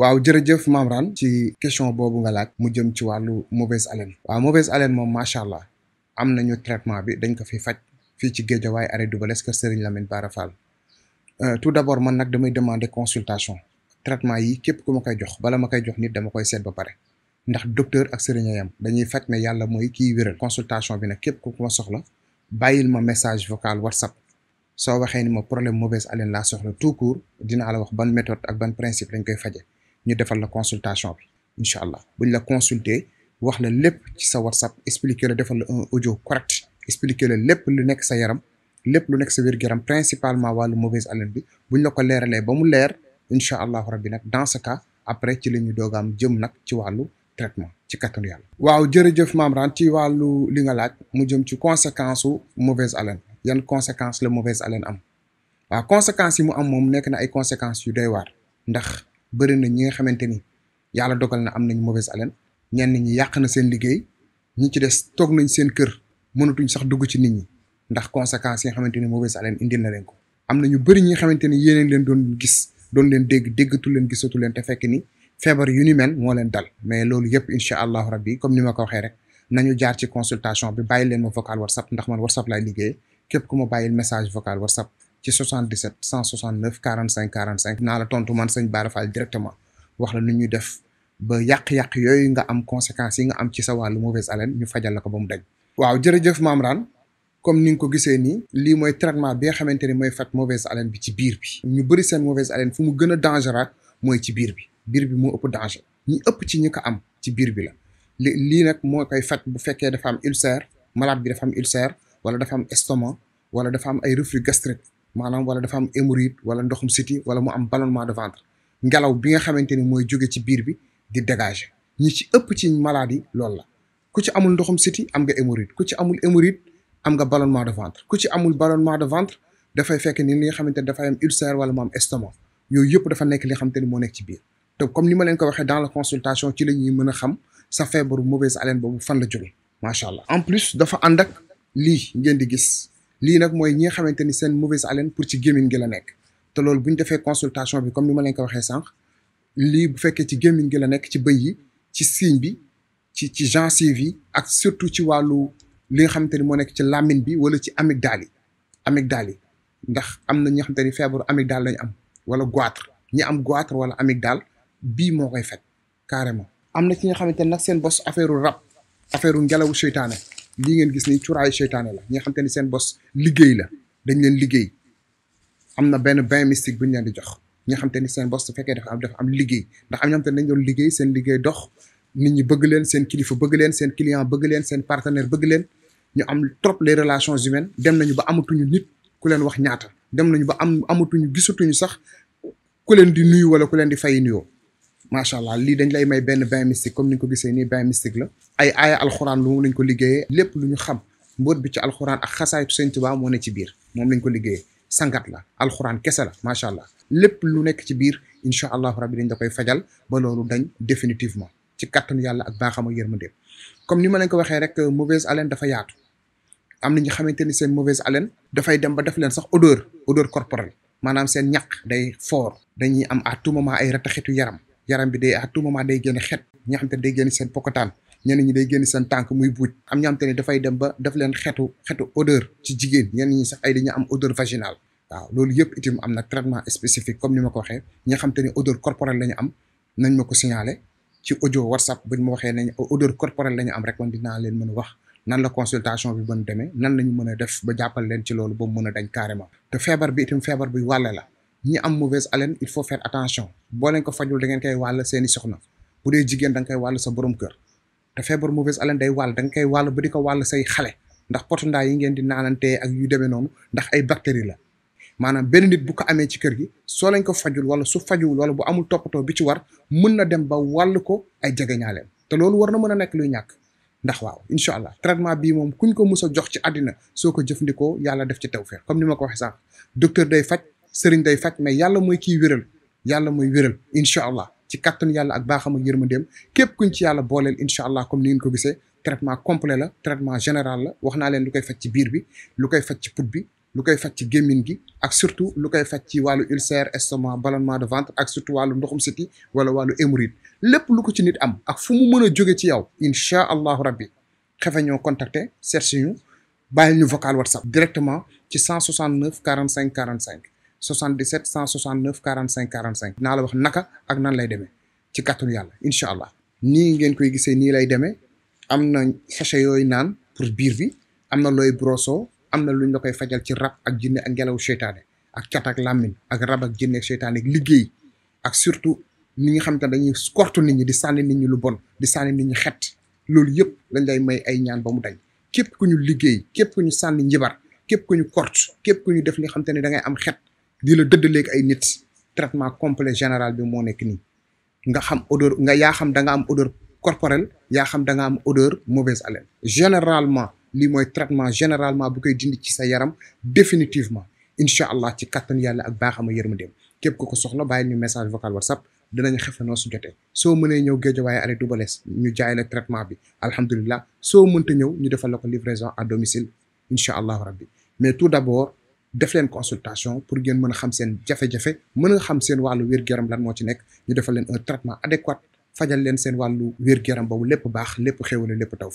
waaw jërëjëf Mamran ci question boobu nga laaj mu jëm ci wàllu mauvaise haleine waaw mauvaise haleine moom macha allah am nañu traitement bi dañ ko fi faj fii ci Géejawaay arrêt Dubalès kër Serigne Lamine Bara Fall euh, tout d'abord man nag damay demander consultation traitement yi képp ku ma koy jox bala ma koy jox nit dama koy seet ba pare ndax docteur ak sëriñ dañuy faj mais yàlla mooy kiy wéral consultation bi nag képp ku ma soxla bàyyil ma message vocal WhatsApp soo waxee ni ma problème mauvaise haleine laa soxla tout court dinaa la wax ban méthode ak ban principe lañ koy faje ñu defal la consultation bi incha allah buñ la consulter wax la lépp ci sa whatsapp expliquer la defal la un audio correct expliquer la lépp lu nekk sa yaram lépp lu nekk sa wér-gu-yaram principalement wàllu mauvaise haleine bi buñ la ko leeralee ba mu leer incha allahu rabbi nag dans ce cas après ci la ñu doog am jëm nag ci wàllu traitement ci kattanu yàlla. waaw jërëjëf Mame Rane ci wàllu li nga laaj mu jëm ci conséquence su mauvaise haleine yan conséquence la mauvaise haleine am waaw conséquence yi mu am moom nekk na ay conséquences yu doy waar ndax. bëri na ñi nga xamante ni yàlla dogal na am nañ mauvaise haleine ñenn ñi yàq na seen liggéey ñi ci des toog nañ seen kër mënatuñ sax dugg ci nit ñi ndax conséquences yi nga xamante ni mauvaise haleine indil na leen ko. am na ñu bëri ñi nga xamante ni yéen leen doon gis doon leen dégg déggatu leen gisatu leen te fekk ni feebar yu ni mel moo leen dal mais loolu yëpp incha allahu rabbi comme ni ma ko waxee rek nañu jaar ci consultation bi bàyyi leen ma vocal whatsapp ndax man whatsapp laay liggéey képp ku ma bàyyil message vocal whatsapp. ci 77 169 45 45 naa la tontu man sëñ Bara Fall directement wax la nu ñu def ba yàq-yàq yooyu nga am conséquences yi nga am ci sa wàllu mauvaise haleine ñu fajal la ko ba mu dañ. waaw jërëjëf Mame Rane comme ni nga ko gisee nii. lii mooy traitement bi nga xamante ni mooy faj mauvaise haleine bi ci biir bi. ñu bëri seen mauvaise haleine fu mu gën a dangereux mooy ci biir bi biir bi moo ëpp danger ñi ëpp ci ñi ko am ci biir bi la. li lii nag moo koy faj bu fekkee dafa am ulcère malade bi dafa am ulcère wala dafa am estomac wala dafa am ay reflux gastrique maanaam wala dafa am hémorroïde wala ndoxum siti wala mu am ballonnement de ventre ngelaw bi nga xamante ni mooy jóge ci biir bi di dégager ñi ci ëpp ci maladie loolu la ku ci amul ndoxum siti am nga hémorroïde ku ci amul hémorroïde am nga ballonnement de ventre ku ci amul ballonnement de ventre dafay fekk ni li nga xamante ni dafay am ulcère wala mu am estomac yooyu yëpp dafa nekk li nga xamante ni moo nekk ci biir te comme ni ma leen ko waxee dans la consultation ci la ñuy mën a xam sa feebaru mauvaise haleine boobu fan la jóge macha allah en plus dafa ànd ak lii ngeen di gis li nak moy ñi xamanteni mauvaise haleine pour ci la nek te consultation bi comme ko waxé sank li bu féké ci gi la nek ci bëy yi ci signe bi ci surtout ci walu li nga ci lamine bi wala ci amygdale amygdale ndax am ñi xamanteni fièvre amygdale lañ am wala goitre ñi am goitre wala amygdale bi koy carrément am ci ñi xamanteni nak lii ngeen gis ni cuuraayu seytaane la ñi nga seen bos liggéey la dañ leen liggéey am na bain mystique bu leen di jox ñi nga seen bos su fekkee dafa am dafa am liggéey ndax am ñoo xam dañ doon liggéey seen liggéey dox nit ñi bëgg leen seen kilifa bëgg leen seen client bëgg leen seen partenaire bëgg leen ñu am trop les relations humaines dem nañu ba amatuñu nit ku leen wax ñaata dem nañu ba am amatuñu gisatuñu sax ku leen di nuyu wala ku leen di fay nuyoo macha allah lii dañ lay may benn bain mystique comme ni ko gisee nii bain mystique la ay aaya alxuraan lu mu lañ ko liggéeyee lépp lu ñu xam mboot bi ci alxuraan ak xasaayitu Sëñ Tuubaa moo ne ci biir moom lañ ko liggéeyee sangat la alxuraan kese la macha allah lépp lu nekk ci biir incha allah rabbi dañ da koy fajal ba loolu dañ définitivement ci kattanu yàlla ak baaxam ak yërmandeem comme ni ma leen ko waxee rek euh, mauvaise haleine dafa yaatu am na ñu xamante ni seen mauvaise haleine dafay dem ba def leen sax odeur odeur corporelle maanaam seen ñaq day fort dañuy am à tout moment ay rataxitu yaram yaram bi day a tout moment day génn xet ñi nga xam te ne day seen pokotaan ñenn ñi day génn seen tànk muy buuj am ñoo xam te ne dafay dem ba daf leen xetu xetu odeur ci jigéen ñenn ñi sax ay dañu am odeur vaginale waaw loolu yëpp itam am na traitement spécifique comme ni ma ko waxee ñi nga xam te ne odeur corporelle am nañ ma ko signaler ci audio whatsapp buñ ma waxee nañ odeur corporelle la am rek man dinaa leen mën wax nan la consultation bi mën deme nan lañu mën a def ba jàppal leen ci loolu ba mu mën a dañ carrément te bi feebar bi wàlle la ñi am mauvaise haleine il faut faire attention boo leen ko fajul da ngeen koy wàll seeni soxna bu dee jigéen da nga koy wàll sa borom kër te feebar mauvaise haleine day wàll da nga koy wàll ba di ko wàll say xale ndax potu ndaa yi ngeen di naanantee ak yu demee noonu ndax ay bactéries la maanaam benn nit bu ko amee ci kër gi soo lañ ko fajul wala su fajuwul wala bu amul toppatoo bi ci war mën na dem ba wàll ko ay jegeñaaleem te loolu war na mën a nekk luy ñàkk ndax waaw incha allah traitement bii moom kuñ ko mus a jox ci àddina soo ko jëfandikoo yàlla def ci tawfeex comme ni ma ko waxee sànq sëriñ day faj mais yàlla mooy kii wéral yàlla mooy wéral incha allah ci kattan yàlla ak baaxam ak dem képp kuñ ci yàlla booleel incha allah comme ni ngeen ko gisee traitement complet la traitement général la wax naa leen lu koy faj ci biir bi lu koy faj ci put bi lu koy faj ci gémmiñ gi ak surtout lu koy faj ci wàllu ulcère estomac ballonnement de ventre ak surtout wàllu ndoxum siti wala wàllu hémorroïde lépp lu ko ci nit am ak fu mu mën a jóge ci yow incha allahu rabbi xefe ñoo contacter seet si ñu bàyyi ñu vocal whatsapp directement ci 169 45 45 77 169 45 45 naa la wax naka ak nan lay demee ci kàttanu yàlla incha allah nii ngeen koy gisee nii lay demee am na sachet yooyu naan pour biir bi am na looy broso am na luñ la koy fajal ci rab ak jinne a ngelaw seytaane ak cat ak làmmiñ ak rab ak jinne ak liggéey ak surtout ni nga xam te dañuy kortu nit ñi di sànni nit ñi lu bon di sànni ni ñi xet loolu yëpp lañ lay may ay ñaan ba mu dañ képp ku ñu liggéey képp ku ñu sànni njibar képp ku ñu kort képp ku ñu def li nga xam da ngay am xet di la dëdd léegi ay nit traitement complet général bi moo nekk nii nga xam odeur nga yaa xam da nga am odeur corporelle yaa xam da nga am odeur mauvaise haleine généralement lii mooy traitement généralement bu koy dindi ci sa yaram définitivement incha allah ci kattan yàlla ak baaxam a yërmandeem képp ku ko soxla bàyyi ñu message vocal whatsapp dinañ xefanoo su jotee soo mënee ñëw Guédiawaye arrêt Doubalès ñu jaay la traitement bi alhamdulilah soo mënta ñëw ñu defal la ko livraison à domicile incha allahu rabbi mais tout d'abord def leen consultation pour ngeen mën a xam seen jafe-jafe mën a xam seen wàllu wér gu lan moo ci nekk ñu defal leen un traitement adéquat fajal leen seen wàllu wér-gu-yaram boobu lépp baax lépp xéwale lépp taw